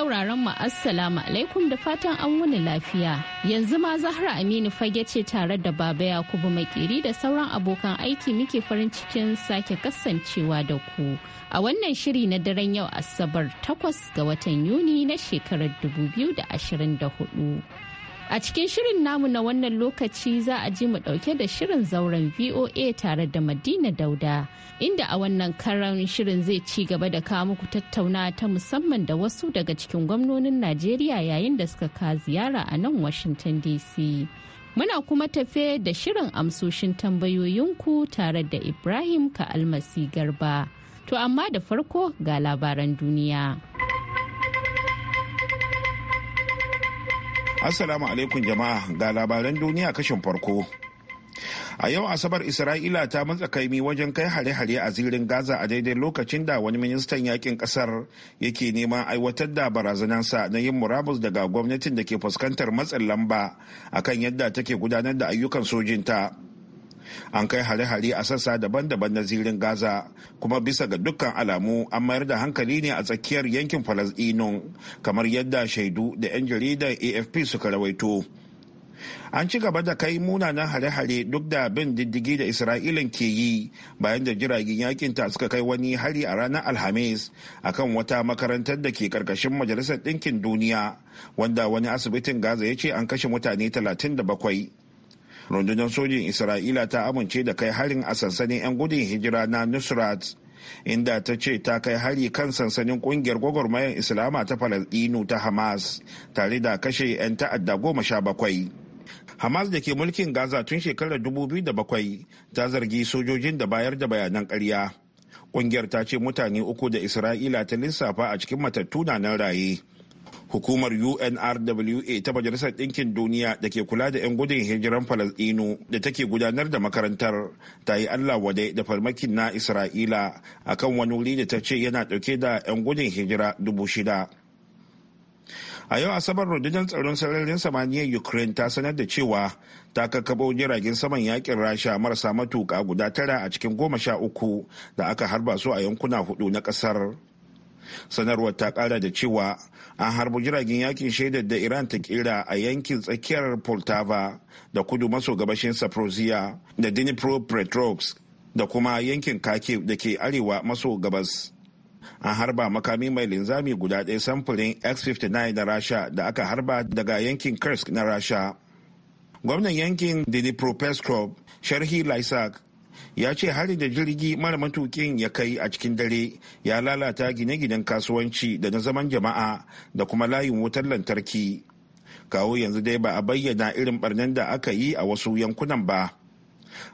sauraron mu assalamu alaikum da fatan an wuni lafiya. Yanzu ma Zahra Aminu fage ce tare da Baba Yakubu Makiri da sauran abokan aiki muke farin cikin sake kasancewa da ku. A wannan shiri na daren yau Asabar 8 ga watan Yuni na shekarar 2024. A cikin shirin namu na wannan lokaci za a ji mu ɗauke da shirin zauren VOA tare da Madina Dauda, inda a wannan karan shirin zai ci gaba da kawo muku tattauna ta musamman da wasu daga cikin gwamnonin Najeriya yayin da suka ka ziyara a nan Washington DC. Muna kuma tafe da shirin amsoshin tambayoyinku tare da Ibrahim ka Almasi Garba. To amma da farko ga labaran duniya. Assalamu alaikum jama'a ga labaran duniya kashin farko. A yau Asabar Isra'ila ta matsa kaimi wajen kai hare-hare a zirin Gaza a daidai lokacin da wani ministan yakin kasar yake neman aiwatar da barazanansa na yin murabus daga gwamnatin da ke fuskantar matsin lamba akan yadda take gudanar da ayyukan sojinta. an kai hare-hare a sassa daban-daban na zirin gaza kuma bisa ga dukkan alamu an mayar da hankali ne a tsakiyar yankin falasdino kamar yadda shaidu da 'yan jaridar afp suka rawaito an ci gaba da kai munanan hare-hare duk da bin diddigi da isra'ilan ke yi bayan da jiragen yakin ta suka kai wani hari a ranar alhamis akan wata makarantar da ke karkashin majalisar ɗinkin duniya wanda wani asibitin gaza ya ce an kashe mutane 37 rundunar sojin isra'ila ta amince da kai harin a sansanin 'yan gudun hijira na nusrat inda ta ce ta kai hari kan sansanin kungiyar gwagwarmayar islama ta falasdino ta hamas tare da kashe 'yan ta'adda goma sha bakwai hamas da ke mulkin gaza tun shekarar bakwai ta zargi sojojin da bayar da bayanan karya. kungiyar ta ce mutane uku da isra'ila ta lissafa a cikin matattu na nan raye hukumar unrwa ta majalisar ɗinkin duniya da ke kula da 'yan gudun hijiran falasɗinu da take gudanar da makarantar ta yi allah wadai da farmakin na isra'ila akan wani wuri da ta ce yana ɗauke da 'yan gudun hijira dubu shida a yau asabar rundunar tsaron sararin samaniyar ukraine ta sanar da cewa ta kakkaɓo jiragen saman yakin rasha marasa matuƙa guda tara a cikin goma sha uku da aka harba su a yankuna hudu na ƙasar sanarwar ta kara da cewa an harbi jiragen yakin shaidar da iran ta kera a yankin tsakiyar poltava da kudu maso gabashin saprosia da dnipro petrox da kuma yankin kake da ke arewa maso gabas an harba makami mai linzami guda ɗaya samfurin x-59 na rasha da aka harba daga yankin kursk na rasha gwamnan yankin dnipropetrovsk sharhi lysak ya ce hari da jirgi mara matukin ya kai a cikin dare ya lalata gine-ginen kasuwanci da na zaman jama'a da kuma layin wutar lantarki kawo yanzu dai ba a bayyana irin barnan da aka yi a wasu yankunan ba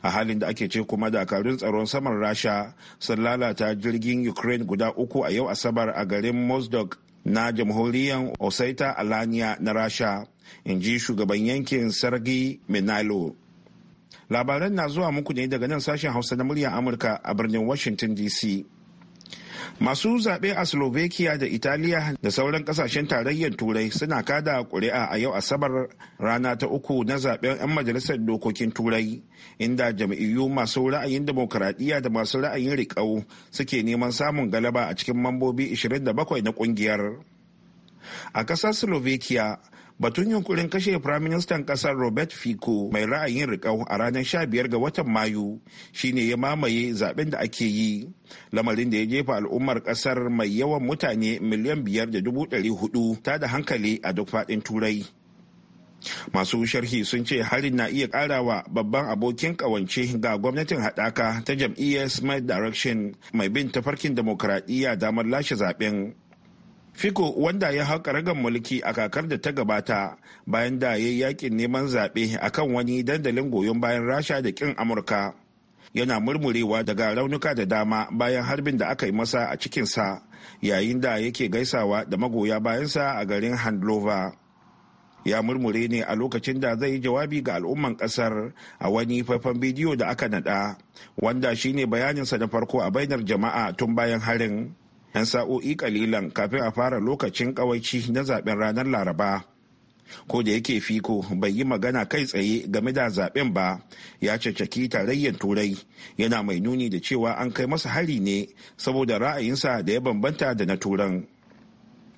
a halin da ake ce kuma dakarun tsaron saman rasha sun lalata jirgin ukraine guda uku a yau asabar a garin mosdok na jamhuriyar osaita alania na rasha in ji shugaban yankin sargi minalo labaran na zuwa muku ne daga nan sashen hausa na muryar amurka a birnin washington dc masu zaɓe a slovakia da italiya da sauran ƙasashen tarayyar turai suna kada ƙuri'a a yau asabar rana ta uku na zaɓen 'yan majalisar dokokin turai inda jam'iyyu masu ra'ayin demokaradiyya da masu ra'ayin riƙau suke neman samun galaba a cikin mambobi 27 na ƙungiyar a ƙasar slovakia batun yunkurin kashe firaministan kasar robert fico mai ra'ayin rikau a ranar 15 ga watan mayu shine ya mamaye zaben da ake yi lamarin da ya jefa al'ummar kasar mai yawan mutane miliyan biyar da dubu ɗari hudu ta da hankali a duk faɗin turai masu sharhi sun ce harin na iya karawa babban abokin kawance ga gwamnatin haɗaka ta jam'iyyar smart direction mai bin tafarkin demokradiyya damar lashe zaben Fiko wanda ya haƙa ragan mulki a kakar da ta gabata bayan da ya yi yakin neman zaɓe a kan wani dandalin goyon bayan rasha da kin Amurka. Yana murmurewa daga raunuka da dama bayan harbin da aka yi masa a cikinsa yayin da yake gaisawa da magoya bayansa a garin Handlova. Ya murmure ne a lokacin da zai yi jawabi ga al'umman kasar a wani faifan bidiyo da aka nada, wanda shine bayaninsa na farko a bainar jama'a tun bayan harin. 'yan sa'o'i kalilan kafin a fara lokacin kawaici na zaben ranar laraba ko da yake fiko bai yi magana kai tsaye game da zaben ba ya caccaki tarayyar turai yana mai nuni da cewa an kai masa hari ne saboda ra'ayinsa da ya bambanta da na turan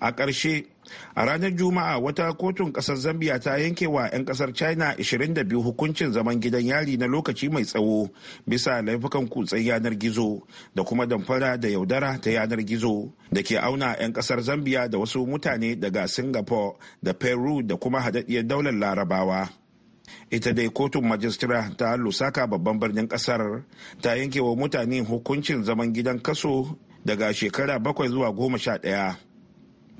a ƙarshe a ranar juma'a wata kotun kasar zambia ta yanke wa 'yan kasar china 22 hukuncin zaman gidan yari na lokaci mai tsawo bisa laifukan kutsen yanar gizo da kuma damfara da yaudara ta yanar gizo da ke auna 'yan kasar zambia da wasu mutane daga singapore da peru da kuma hadaddiyar daular larabawa ita dai kotun majistira ta lusaka babban birnin kasar ta yanke wa mutane hukuncin zaman gidan kaso daga shekara bakwai zuwa goma sha ɗaya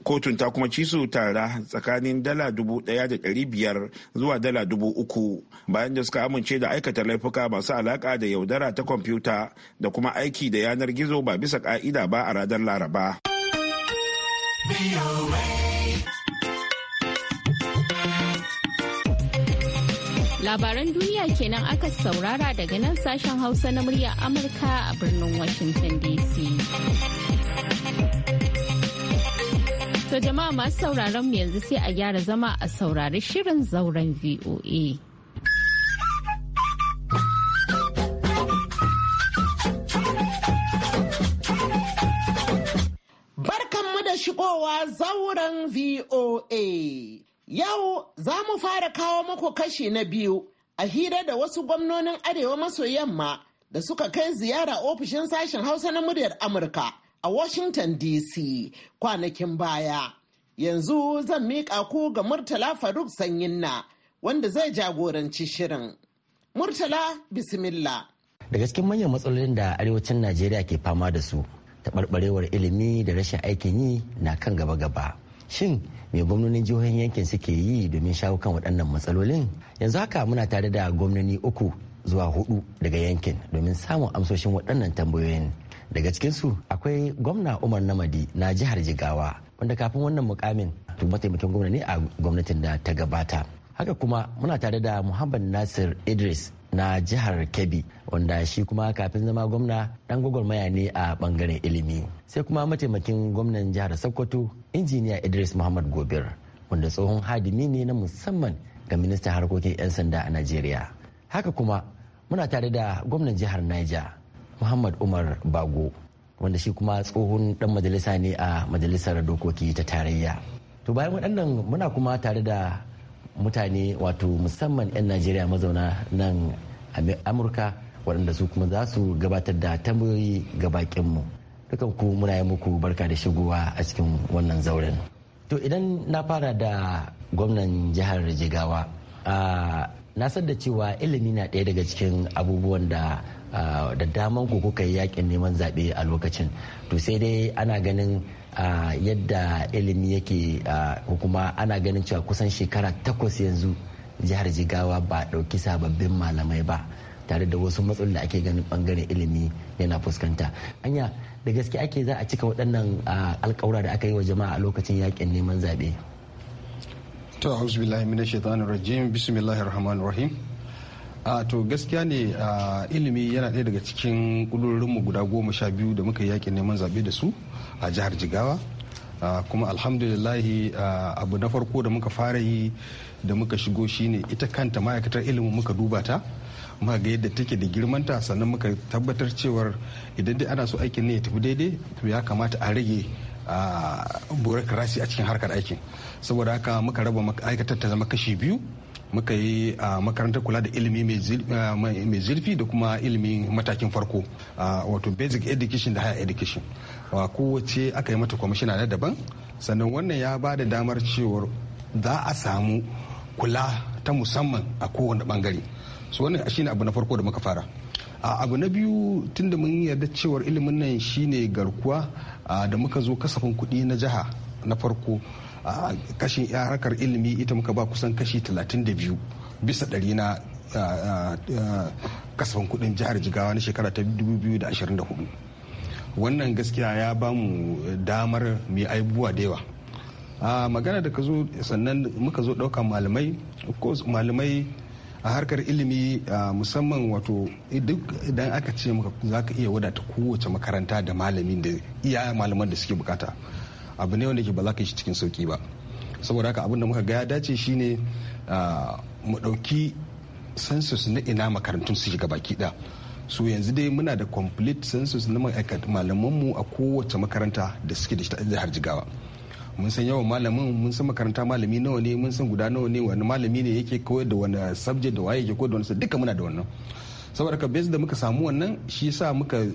kotun ta kuma ci su tara tsakanin dala dubu daya da dari biyar zuwa dala dubu uku bayan da suka amince da aikata laifuka masu alaka da yaudara ta kwamfuta da kuma aiki da yanar gizo ba bisa ka'ida ba a radar laraba labaran duniya kenan aka saurara daga nan sashen hausa na murya amurka a birnin washington dc To jama'a masu sauraron mu yanzu sai a gyara zama a saurari shirin zauren VOA. Barkanmu da shigowa zauren VOA. Yau za mu fara kawo muku kashi na biyu a hira da wasu gwamnonin Arewa maso yamma da suka kai ziyara ofishin sashen Hausa na muryar Amurka. a Washington DC kwanakin baya. Yanzu zan miƙa ku ga Murtala Faruk Sanyinna wanda zai jagoranci shirin. Murtala Bismillah. Daga cikin manyan matsalolin da arewacin Najeriya ke fama da su, taɓarɓarewar ilimi da rashin aikin yi na kan gaba-gaba. Shin me gwamnonin jihohin yankin suke yi domin shawo kan waɗannan matsalolin? Yanzu haka muna tare da gwamnoni uku zuwa hudu daga yankin domin samun amsoshin waɗannan tambayoyin. daga cikinsu akwai gwamna umar namadi na jihar jigawa wanda kafin wannan mukamin mataimakin gwamna ne a gwamnatin da ta gabata haka kuma muna tare da muhammad nasir idris na jihar kebbi wanda shi kuma kafin zama gwamna dan gwagwarmaya ne a bangaren ilimi sai kuma mataimakin gwamnan jihar sokoto injiniya idris muhammad gobir wanda tsohon hadimi ne na musamman ga ministan harkokin 'yan sanda a najeriya haka kuma muna tare da gwamnan jihar niger muhammad umar bago wanda shi kuma tsohon dan majalisa ne a majalisar dokoki ta tarayya to bayan waɗannan muna kuma tare da mutane wato musamman 'yan najeriya mazauna nan amurka waɗanda su kuma za su gabatar da tambayoyi ga bakinmu dukan ku muna yi muku barka da shigowa a cikin wannan zauren to idan na fara da gwamnan jihar jigawa ah, na san da cewa ilimi na ɗaya daga cikin abubuwan da da daman ku kuka yi yakin neman zaɓe a lokacin to sai dai ana ganin yadda ilimi yake ko kuma ana ganin cewa kusan shekara takwas yanzu jihar jigawa ba ɗauki sababbin malamai ba tare da wasu matsalolin da ake ganin bangaren ilimi yana fuskanta anya da gaske ake za a cika waɗannan alkawura da aka yi wa jama'a a lokacin yakin neman zaɓe to auzubillahi minash shaitanir rajim bismillahir rahmanir rahim a to gaskiya ne ilimi yana ɗaya daga cikin mu guda goma sha biyu da muka yi yakin neman zaɓe da su a jihar jigawa kuma alhamdulillahi abu na farko da muka fara yi da muka shigo shine ita kanta ma'aikatar ilimin muka duba ta ma ga yadda take da girmanta sannan muka tabbatar cewar idan dai ana so aikin ne ya tafi daidai to ya kamata a rage burokrasi a cikin harkar aikin saboda haka muka raba ma'aikatar ta zama kashi biyu muka yi a makarantar kula da ilimi mai zurfi da kuma ilimin matakin farko wato basic education da higher education wa kowace aka yi mata kwamishina na daban sannan wannan ya ba da damar cewar za a samu kula ta musamman a kowane bangare su wannan shi ne abu na farko da muka fara a abu na biyu tunda mun yarda cewar ilimin nan shine garkuwa da muka zo kasafin kuɗi na jiha na farko a kashin harkar ilimi ita muka ba kusan kashi 32 bisa ɗari na kasafin kudin jihar jigawa na shekara ta 2024 wannan gaskiya ya ba mu damar mai aibuwa da yawa a magana da ka zo sannan muka zo ɗauka malamai malamai a harkar ilimi musamman wato duk idan aka ce maka za ka iya wadata kowace makaranta da malamin da iya malaman da suke bukata abu ne wanda ke ba za ka yi shi cikin sauki ba saboda haka abin da muka ga ya dace shine mu ɗauki census na ina makarantun su shiga baki da su yanzu dai muna da complete census na malamanmu a kowace makaranta da suke da shi har jigawa mun san yawan malamin mun san makaranta malami nawa ne mun san guda nawa ne wani malami ne yake koyar da wani subject da waye yake koyar da wani duka muna da wannan saboda ka base da muka samu wannan shi yasa muka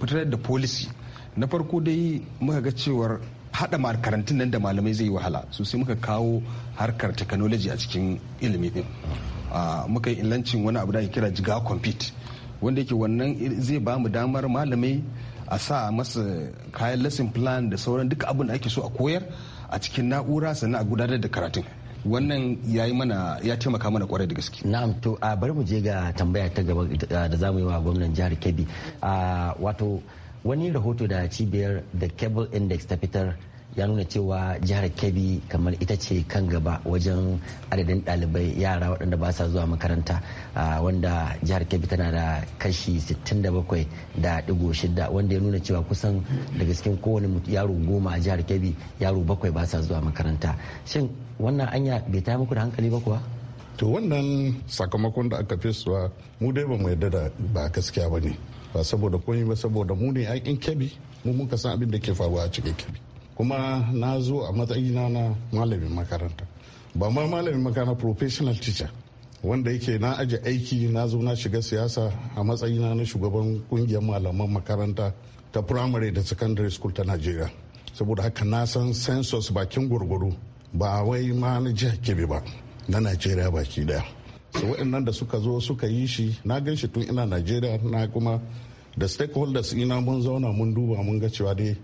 fitar da policy na farko dai muka ga cewar haɗa makarantun nan da malamai zai yi wahala so sai muka kawo harkar technology a cikin ilimi din muka yi ilancin wani abu da ake kira jiga compete wanda yake wannan zai ba mu damar malamai a sa masa kayan lesson plan da sauran duk abin da ake so a koyar a cikin na'ura sannan a gudanar da karatun wannan ya yi mana ya taimaka mana kwarai da gaske na'am to a bari mu je ga tambaya ta gaba eh, da zamu yi wa gwamnan jihar kebbi wato wani rahoto da cibiyar the cable index ta fitar ya nuna cewa jihar kebbi kamar ita ce kan gaba wajen adadin dalibai yara waɗanda ba sa zuwa makaranta wanda jihar kebbi tana da kashi 67 da digo shida wanda ya nuna cewa kusan daga cikin kowane yaro goma a jihar kebbi yaro bakwai ba sa zuwa makaranta shin wannan anya bai ta muku da hankali ba kuwa to wannan sakamakon da aka fesuwa mu dai ba mu yadda da ba gaskiya ba ne ba saboda komai ba saboda mu ne aikin kebi mu muka san abin da ke faruwa a cikin kebi kuma na zo a matsayina na malamin makaranta ba ma malamin makaranta professional teacher wanda yake na ajiye aiki na zo na shiga siyasa a matsayina na shugaban kungiyar malaman makaranta ta primary da secondary school ta najeriya saboda haka na san census bakin gwargwaro ba wai ma na jihar kebi ba na najeriya baki daya su waɗannan da suka zo suka yi shi na gan shi tun ina najeriya na kuma da stakeholders ina mun zauna mun duba mun ga cewa dai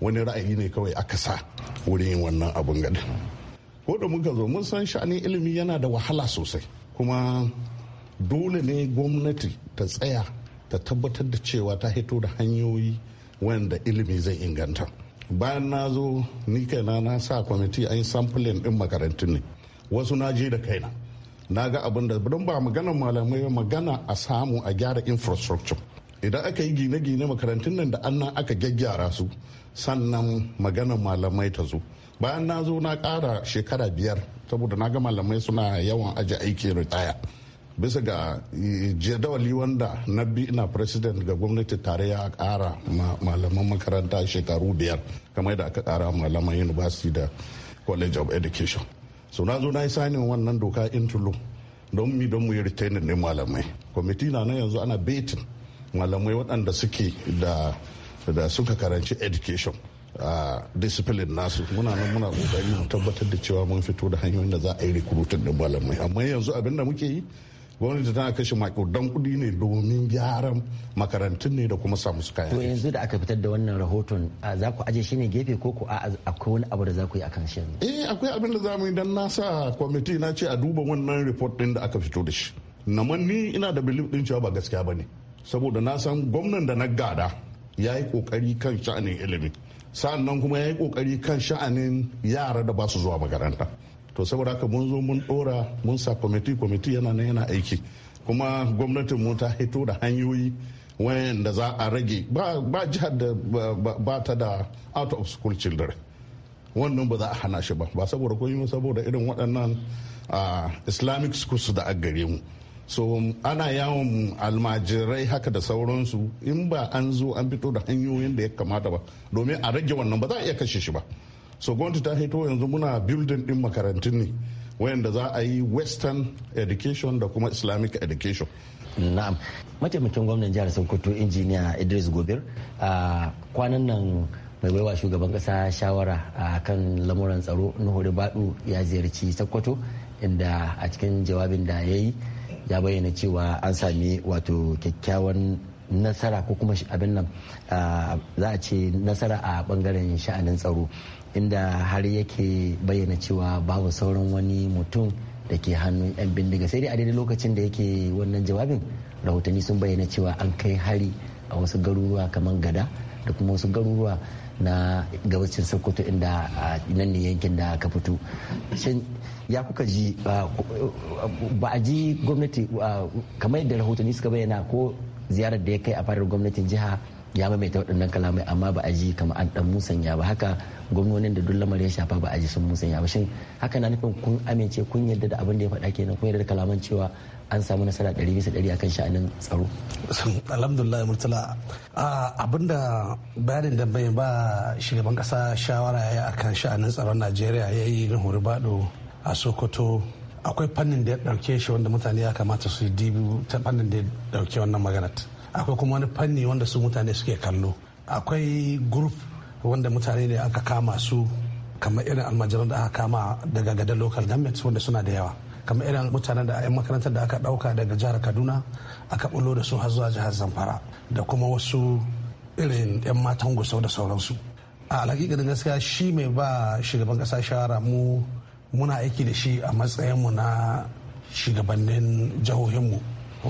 wani ra'ayi ne kawai aka sa wurin yin wannan abun gada ko da muka zo mun san sha'anin ilimi yana da wahala sosai kuma dole ne gwamnati ta tsaya ta tabbatar da cewa ta hito da hanyoyi wanda ilimi zai inganta bayan na zo ni kaina na sa kwamiti an yi sampling din makarantun ne wasu na je da kaina na ga abin da don ba magana malamai magana a samu a gyara infrastructure idan aka yi gine-gine makarantun nan da an nan aka gyaggyara su sannan magana malamai ta zo bayan na zo na ƙara shekara biyar saboda na ga malamai suna yawan aji aiki ritaya bisa ga e, jadawali wanda na bi ina president ga gwamnati tare ya kara malaman makaranta shekaru biyar kamar da aka ƙara malaman university da college of education so na zo na yi sanin wannan doka in don mi don mu yi retaining ne malamai kwamiti na nan yanzu ana betin malamai waɗanda suke da da suka karanci education a discipline nasu muna nan muna kokari mu tabbatar da cewa mun fito da hanyoyin da za a yi recruiting ɗin malamai amma yanzu abin da muke yi gwamnati tana kashe makudan kudi ne domin gyaran makarantun ne da kuma samu su kayan yanzu da aka fitar da wannan rahoton za ku aje shi ne gefe ko ku akwai wani abu da za ku yi kan shi eh akwai abin da za yi dan na sa kwamiti na ce a duba wannan report din da aka fito da shi naman ni ina da belief din cewa ba gaskiya ba ne saboda na san gwamnan da na gada ya yi kokari kan sha'anin ilimi sa'annan kuma ya yi kokari kan sha'anin yara da ba su zuwa makaranta to saboda haka mun zo mun dora mun sa kwamiti kwamiti yana nan yana aiki kuma gwamnatin mu ta hito da hanyoyi da za a rage ba jihar da ba ta da out of school children wannan ba za a hana shi ba ba saboda saboda irin waɗannan islamic schools da a gare mu so ana yawon almajirai haka da sauransu in ba an zo an fito da hanyoyin da ya kamata ba domin a rage wannan ba za a iya kashe shi ba so gwamnati ta hito yanzu muna building din makarantun ne wayanda za a yi western education da kuma islamic education na'am mataimakin gwamnan jihar sokoto injiniya idris gobir a kwanan nan mai baiwa shugaban kasa shawara a kan lamuran tsaro nuhuri badu ya ziyarci sokoto inda a cikin jawabin da ya yi ya bayyana cewa an sami wato kyakkyawan nasara ko kuma abin nan za a ce nasara a bangaren sha'anin tsaro inda har yake bayyana cewa babu sauran wani mutum da ke hannun 'yan bindiga sai dai a daidai lokacin da yake wannan jawabin rahotanni sun bayyana cewa an kai hari a wasu garuruwa kamar gada da kuma wasu garuruwa na gabacin sokoto inda nan ne yankin da ka fito ya kuka ji ba a ji gwamnati kamar yadda rahotanni suka bayyana ko ziyarar da ya kai a fadar gwamnatin jiha ya maimaita waɗannan kalamai amma ba a ji kamar an ɗan musanya ba haka gwamnonin da duk lamarin ya shafa ba a ji sun musanya ba shin haka na nufin kun amince kun yarda da abin da ya faɗa kenan kun yarda da kalaman cewa an samu nasara ɗari bisa ɗari akan sha'anin tsaro. alhamdulillah murtala abinda bayanin da bai ba shugaban kasa shawara ya yi akan sha'anin tsaron najeriya ya yi na horibado a sokoto akwai fannin da ya ɗauke shi wanda mutane ya kamata su yi dibi ta fannin da ya ɗauke wannan maganar akwai kuma wani fanni wanda su mutane suke kallo akwai group wanda mutane ne aka kama su kamar irin almajiran da aka kama daga gadar local government wanda suna da yawa kamar irin mutanen da 'yan makarantar da aka dauka daga jihar kaduna aka bulo da su har zuwa jihar zamfara da kuma wasu irin 'yan matan gusau da sauransu a alhakikanin gaskiya shi mai ba shugaban kasa shawara mu muna aiki da shi a matsayin mu na shugabannin jihohinmu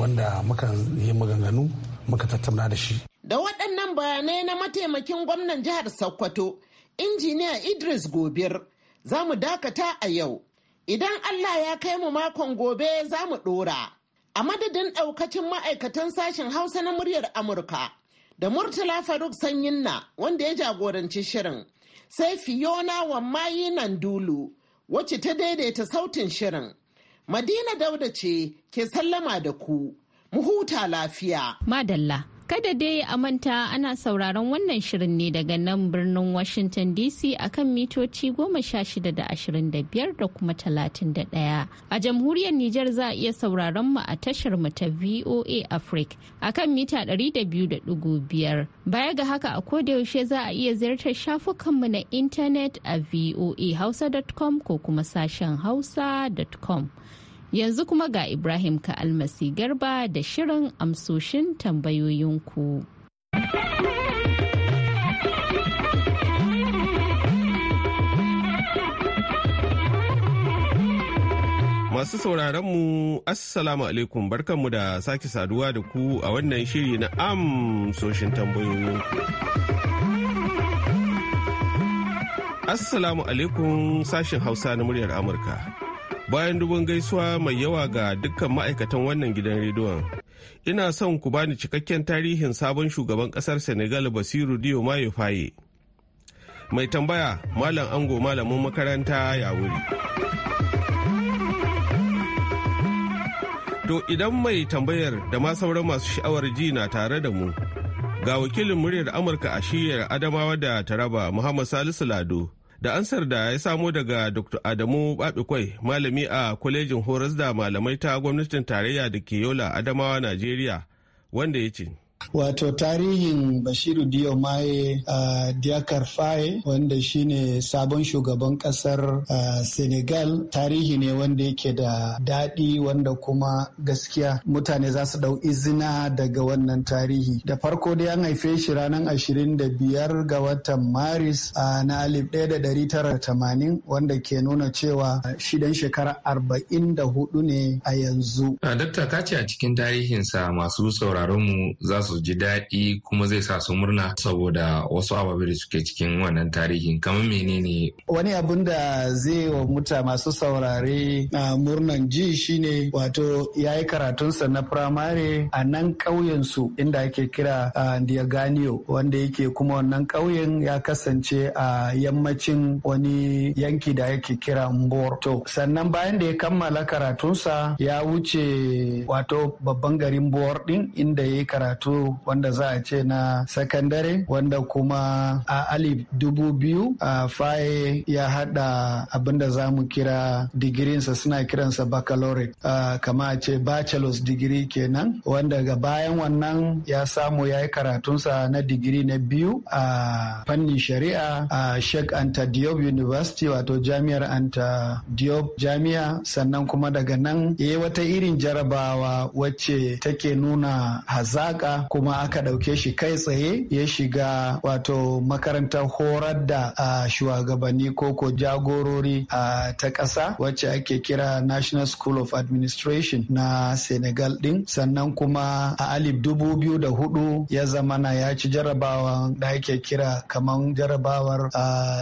wanda mukan yi maganganu muka tattauna da shi Da waɗannan bayanai na mataimakin gwamnan jihar Sokoto, injiniya Idris Gobir, za mu dakata a yau. Idan Allah ya kai mu makon gobe za mu ɗora. A madadin ɗaukacin ma'aikatan sashen Hausa na muryar Amurka, da Murtala Faruk Sanyinna wanda ya jagoranci shirin, sai Fiona Wammayi Nandulu, wacce ta daidaita sautin shirin. Madina Dauda ce ke sallama da ku, mu huta lafiya. Madalla. Kada dai a manta ana sauraron wannan shirin ne daga nan birnin Washington DC akan mitoci goma sha shida da ashirin da da kuma talatin ɗaya. A jamhuriyar Nijar za a iya sauraron mu a tashar mu ta VOA Africa akan mita ɗari biyu da biyar. Baya ga haka a kodayaushe za a iya ziyartar shafukanmu na intanet a voahausa.com ko kuma sashen hausa.com. Yanzu kuma ga Ibrahim ka almasi garba da shirin amsoshin tambayoyinku. Masu sauraronmu mu Assalamu alaikum barkanmu da sake saduwa da ku a wannan shiri na amsoshin tambayoyin. Assalamu alaikum sashin Hausa na muryar Amurka. bayan dubin gaisuwa mai yawa ga dukkan ma'aikatan wannan gidan rediyon ina son ku bani cikakken tarihin sabon shugaban kasar senegal basiru diyo mayo faye mai tambaya malam ango malamin makaranta ya wuri to idan mai tambayar da ma sauran masu sha'awar ji na tare da mu ga wakilin muryar amurka a shiyar adamawa da taraba muhammad salisu lado da ansar da ya samo daga dr adamu babikwai malami a kwalejin horas da malamai ta gwamnatin tarayya da ke yola adamawa najeriya wanda ya ce wato tarihin bashiru diyo maye a diakar faye wanda shine sabon shugaban kasar senegal tarihi ne wanda yake da daɗi wanda kuma gaskiya mutane za su ɗau izina daga wannan tarihi da farko dai an haife shi ranar 25 ga watan maris a na 1980 wanda ke nuna cewa shidan shekara arba'in da hudu ne a yanzu. dakta ka ce a cikin tarihinsa masu sauraronmu za su su ji daɗi kuma zai sa su murna saboda wasu ababe da suke cikin wannan tarihin kamar menene wani abun da zai wa muta masu saurare a murnan ji shine wato ya yi karatunsa na firamare a nan ƙauyen su inda ake kira Diaganio wanda yake kuma wannan ƙauyen ya kasance a yammacin wani yanki da yake kira Mbor. To sannan bayan da ya kammala karatunsa ya wuce wato babban garin Mbor din inda ya yi karatu wanda za a ce na sakandare wanda kuma a alif dubu biyu a faye ya hada abin da za mu kira digirinsa suna kiransa baccalaureate kama a ce bachelor's digiri kenan wanda ga bayan wannan ya samu ya yi karatunsa na digiri na biyu a fannin shari'a a sheikh anta diop university wato jami'ar anta diop jami'a sannan kuma daga nan ya yi wata irin jarabawa wacce take nuna hazaka kuma aka ɗauke shi kai tsaye ya shiga wato makarantar horar da shugabanni ko ko jagorori ta ƙasa wacce ake kira National School of Administration na Senegal ɗin sannan kuma a alif dubu biyu da hudu ya zama na ya ci jarabawan da ake kira kamar jarabawar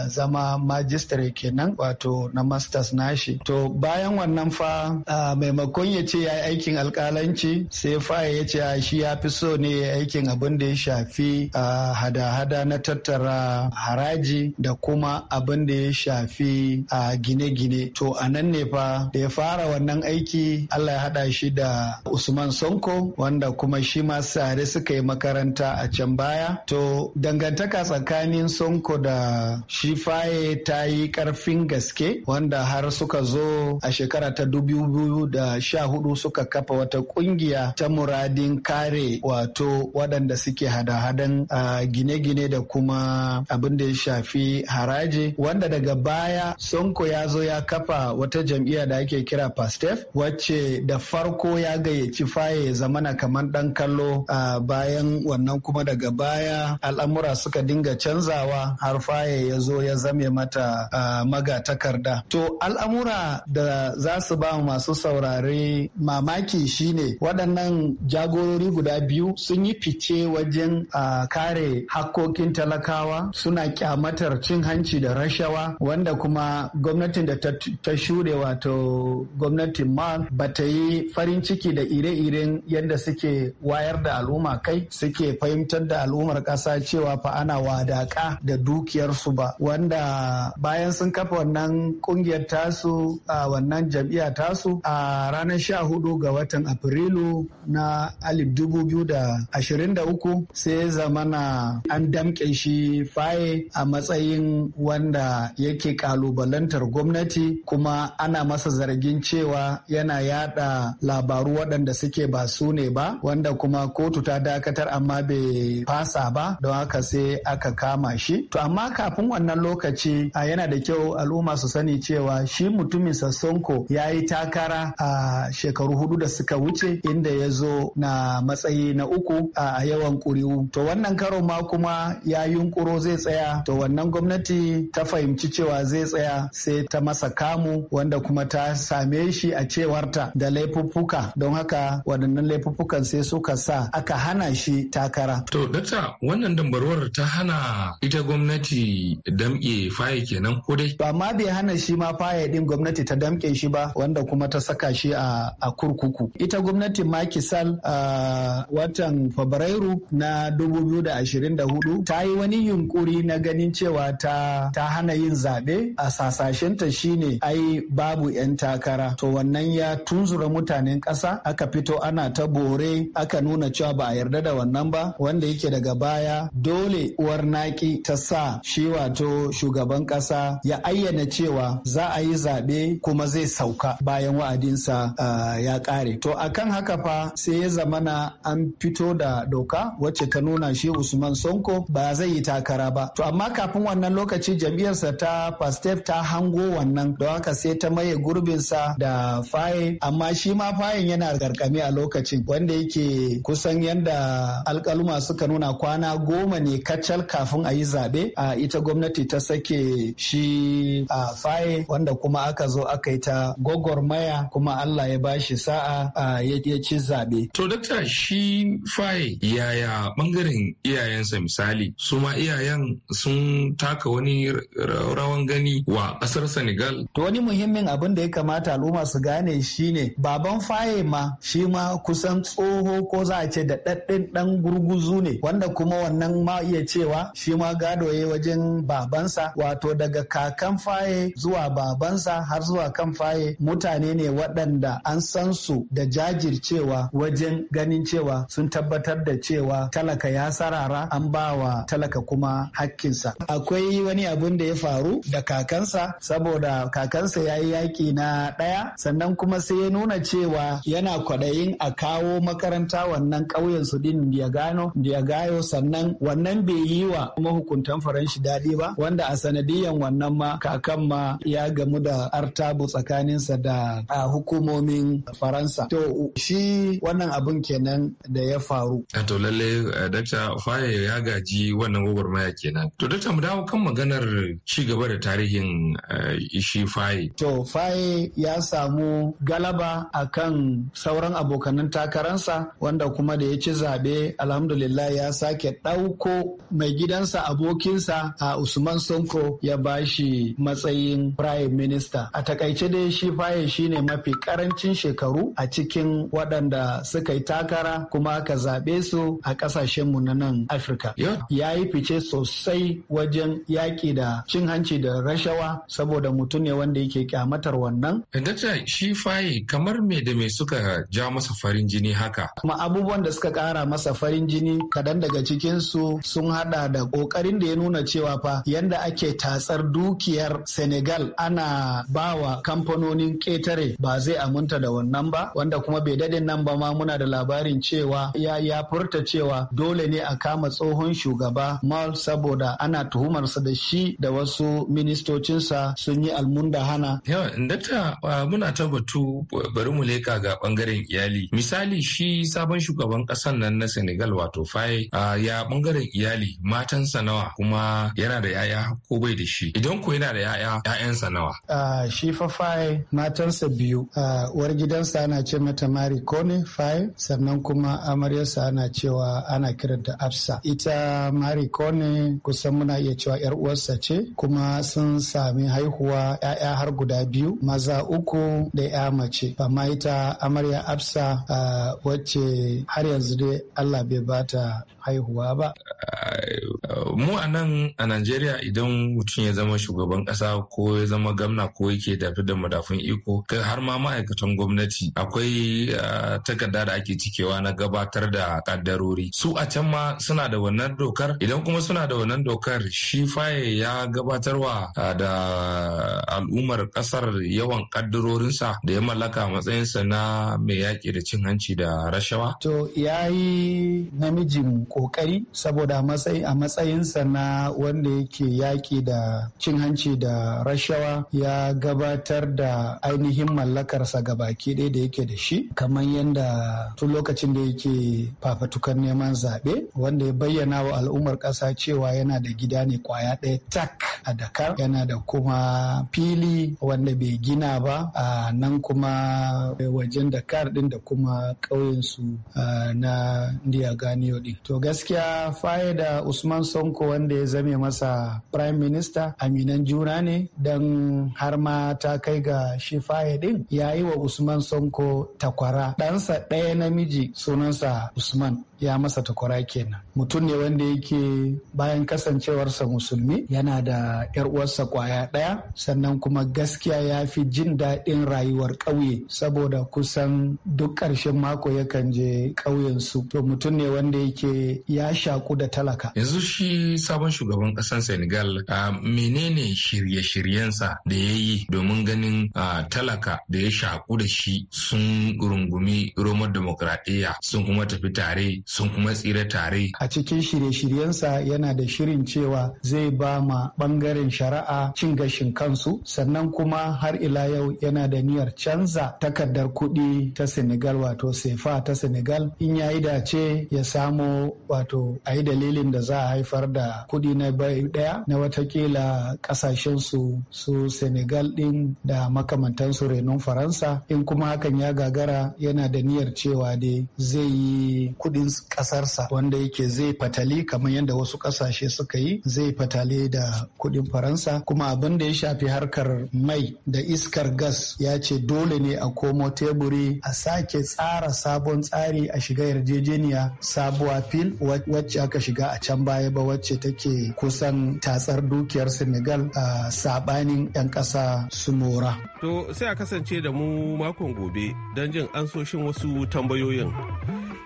zama majistare kenan wato na masters nashi to bayan wannan fa maimakon ya ce ya yi aikin alkalanci sai fa ya ce shi ya fi so ne aikin abin da ya shafi hada-hada na tattara haraji da kuma abin da ya shafi a gine-gine to a nan ne fa da ya fara wannan aiki allah ya hada shi da usman sonko wanda kuma shi ma sare suka yi makaranta a can baya to dangantaka tsakanin sonko da shi faye ta yi karfin gaske wanda har suka zo a shekara ta dubu da sha hudu suka kafa wata kungiya ta muradin kare wato To waɗanda suke hada-hadan gine-gine da kuma abin da ya shafi haraji wanda daga baya sonko ya zo ya kafa wata jam'iyya da ake kira pastef wacce da farko ya gayyaci faye zamana kamar ɗan kallo a bayan wannan kuma daga baya al'amura suka dinga canzawa har faye ya zo ya zame mata magatakarda to al'amura da za su ba masu saurari mamaki shine waɗannan jagorori guda biyu su sun yi fice wajen kare hakkokin talakawa suna kyamatar cin hanci da rashawa wanda kuma gwamnatin da ta shure wato gwamnatin ma ba ta yi farin ciki da ire-iren yadda suke wayar da al'umma kai suke fahimtar da al'ummar ƙasa cewa fa ana wadaka da dukiyarsu ba wanda bayan sun kafa wannan kungiyar tasu a wannan jam'iyya tasu a ranar sha hudu ga watan afrilu na alif dubu biyu da da uku sai zamana an damƙe shi faye a matsayin wanda yake kalubalantar gwamnati kuma ana masa zargin cewa yana yada labaru waɗanda suke ba su ne ba wanda kuma kotu ta dakatar amma bai fasa ba don haka sai aka kama shi to amma kafin wannan lokaci a yana da kyau al'umma su sani cewa shi mutumin sassonko ya yi takara a shekaru hudu da suka wuce inda ya zo na matsayi na uku a yawan ƙuri'u to wannan karo ma kuma ya yunkuro zai tsaya to wannan gwamnati ta fahimci cewa zai tsaya sai ta masa kamu wanda kuma ta same shi a cewarta da laifuffuka don haka waɗannan laifuffukan sai suka sa aka hana shi takara. To dakta wannan dambarwar ta hana ita gwamnati damƙe faye kenan ko dai? Ba ma bai hana shi ma faye din gwamnati ta damƙe shi ba wanda kuma ta saka shi a, a kurkuku. Ita gwamnatin Makisal a watan Fabrairu na 2024 ta yi wani yunkuri na ganin cewa ta, hana yin zaɓe a sasashenta shine ai babu 'yan takara. To wannan ya tunzura mutanen ƙasa aka fito ana ta bore aka nuna cewa ba a yarda da wannan ba wanda yake daga baya dole uwar naki ta sa shi wato shugaban ƙasa ya ayyana cewa za a yi zaɓe kuma zai sauka bayan wa'adinsa ah, ya ƙare. To akan haka fa sai ya zamana an fito da doka wacce ta nuna shi Usman Sonko ba zai yi takara ba. To amma kafin wannan lokaci jam'iyyarsa ta Pastef ta hango wannan don haka sai ta maye gurbinsa da faye amma shi ma fayin yana garkami a lokacin wanda yake kusan yadda alkaluma suka nuna kwana goma ne kacal kafin a yi zaɓe a ita gwamnati ta sake shi a faye wanda kuma aka zo aka yi ta gwagwarmaya kuma Allah ya bashi sa'a ya ci zaɓe. To dakta shi Rufai yaya bangaren iyayensa misali su ma iyayen sun taka wani rawan gani wa kasar Senegal. To wani muhimmin abin da ya kamata al'umma su gane shine baban faye ma shi ma kusan tsoho ko za a ce da daɗin ɗan gurguzu ne wanda kuma wannan ma iya cewa shi ma gado ya wajen babansa wato daga kakan faye zuwa babansa har zuwa kan faye mutane ne waɗanda an san su da jajircewa wajen ganin cewa sun tabbatar tabbatar da cewa talaka ya sarara an ba wa talaka kuma hakkinsa akwai wani abun da ya faru da kakansa saboda kakansa ya yi yaƙi na ɗaya sannan kuma sai ya nuna cewa yana kwaɗayin a kawo makaranta wannan ƙauyen su din da gayo sannan wannan bai yi wa mahukuntan faranshi daɗi ba wanda a sanadiyan wannan ma kakan ma ya gamu da artabu tsakaninsa da hukumomin faransa to shi wannan abun kenan da ya faru faru. Eh, to lalle eh, Dakta Faye ya gaji wannan maya kenan. To Dakta mu dawo kan maganar ci gaba da tarihin eh, shi Faye. To Faye ya samu galaba akan sauran abokanan takaransa wanda kuma da ya ci zaɓe alhamdulillah ya sake ɗauko mai gidansa abokinsa a Usman Sonko ya ba shi matsayin Prime Minister. A takaice dai shi Faye shine mafi karancin shekaru a cikin waɗanda suka yi takara kuma aka zaɓe su a ƙasashenmu na nan Afirka. Ya yi fice sosai wajen yaƙi da cin hanci da rashawa saboda mutum ne wanda yake kyamatar wannan. Dakta shi fayi kamar me da me suka ja masa farin jini haka. Kuma abubuwan da suka ƙara masa farin jini kadan daga cikinsu sun hada da ƙoƙarin da ya nuna cewa fa yanda ake tatsar dukiyar Senegal ana bawa kamfanonin ƙetare ba zai aminta da wannan ba wanda kuma bai daɗin nan ba ma muna da labarin cewa ya ya furta cewa dole ne a kama tsohon shugaba Mal saboda ana tuhumarsa da shi da wasu ministocinsa sun yi almunda hana. Yawa, dakta muna ta batu bari mu leka ga bangaren iyali. Misali shi sabon shugaban kasan nan na Senegal wato Faye ya bangaren iyali matansa nawa kuma yana da yaya ko bai da shi. Idan ko yana da yaya yayansa nawa. Shi fa Faye matansa biyu. Uwar gidansa ana ce mata Mari Kone Faye sannan kuma amarya faransa ana cewa ana kiranta afsa ita mari kone kusan muna iya cewa yar uwarsa ce kuma sun sami haihuwa ya'ya har guda biyu maza uku da ya mace amma ita amarya afsa ah, wacce har yanzu dai allah bai bata haihuwa ba. Mu a nan a Najeriya idan mutum ya zama shugaban ƙasa ko ya zama gamna ko yake dafi da madafun iko kai har ma ma'aikatan gwamnati akwai takarda da ake cikewa na gabatar da kaddarori. Su a can ma suna da wannan dokar idan kuma suna da wannan dokar shi faye ya gabatarwa da al'ummar ƙasar yawan kaddarorinsa da ya mallaka matsayinsa na mai yaƙi da cin hanci da rashawa. To ya yi namijin kokari saboda a matsayinsa na wanda yake yaƙi da cin hanci da rashawa ya gabatar da ainihin mallakarsa baki ɗaya da yake da shi kamar yadda tun lokacin da yake fafatukan neman zaɓe wanda ya bayyana wa al'ummar ƙasa cewa yana da gida ne kwaya ɗaya tak a dakar yana da kuma fili wanda bai gina ba a nan kuma wajen dakar ɗin da kuma ƙauyensu na ndiya ganiyo ɗin gaskiya faye da usman sonko wanda ya zame masa prime minister aminan juna ne don har ma ta kai ga shi faye din ya yi wa usman sonko takwara ɗansa ɗaya namiji sunansa usman ya masa takwara kenan mutum ne wanda yake bayan kasancewarsa musulmi yana da yar uwarsa kwaya ɗaya sannan kuma gaskiya ya fi jin daɗin rayuwar ƙauye saboda kusan duk ƙarshen mako yakan je ƙauyen su to mutum ne wanda yake ya shaku da talaka yanzu shi sabon shugaban ƙasar senegal a menene shirye-shiryensa da ya yi domin ganin talaka da ya shaku da shi sun rungumi romar demokradiyya sun kuma tafi tare sun kuma tsira tare. A cikin shirye-shiryensa yana da shirin cewa zai ba ma bangaren shari'a cin gashin kansu sannan kuma har ila yau yana da niyyar canza takardar kuɗi ta Senegal wato sefa ta Senegal in ya yi dace ya samo wato a yi dalilin da za a haifar da kuɗi na bai ɗaya na watakila ƙasashen su su Senegal ɗin da makamantan su renon Faransa in kuma hakan ya gagara yana da niyyar cewa dai zai yi kuɗin kasarsa wanda yake zai fatali kamar yadda wasu kasashe suka yi zai fatali da kudin faransa kuma abin da ya shafi harkar mai da iskar gas ya ce dole ne a komo teburi a sake tsara sabon tsari a shiga yarjejeniya sabuwa fil wacce aka shiga a can baya ba wacce take kusan tatsar dukiyar senegal a sabanin 'yan kasa su mora to sai a kasance da mu makon gobe don jin ansoshin wasu tambayoyin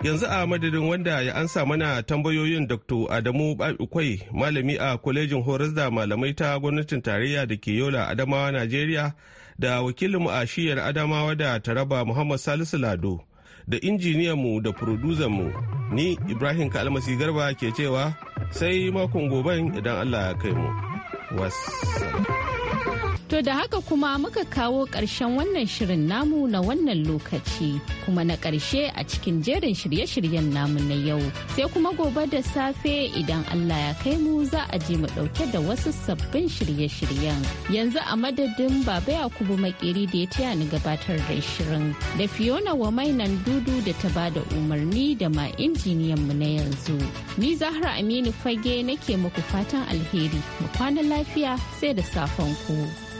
yanzu a madadin wanda ya ansa mana tambayoyin dr adamu babikwai malami a kwalejin horas da malamai ta gwamnatin tarayya da ke yola adamawa najeriya da wakilinmu a shiyar adamawa da taraba muhammad salisu lado da injiniyanmu da mu ni ibrahim kalmasi garba ke cewa sai makon goben idan allah ya kai mu wasu To da haka kuma muka kawo ƙarshen wannan shirin namu na wannan lokaci kuma na ƙarshe a cikin jerin shirye-shiryen namu na yau. Sai kuma gobe da safe idan Allah ya kai mu za a je mu ɗauke da wasu sabbin shirye-shiryen. Yanzu a madadin Baba Yakubu Makeri da ya taya ni gabatar da shirin da Fiona Wamainan Dudu da ta ba da umarni da ma injiniyan mu na yanzu. Ni Zahra Aminu Fage nake muku fatan alheri mu kwana lafiya sai da safen ku.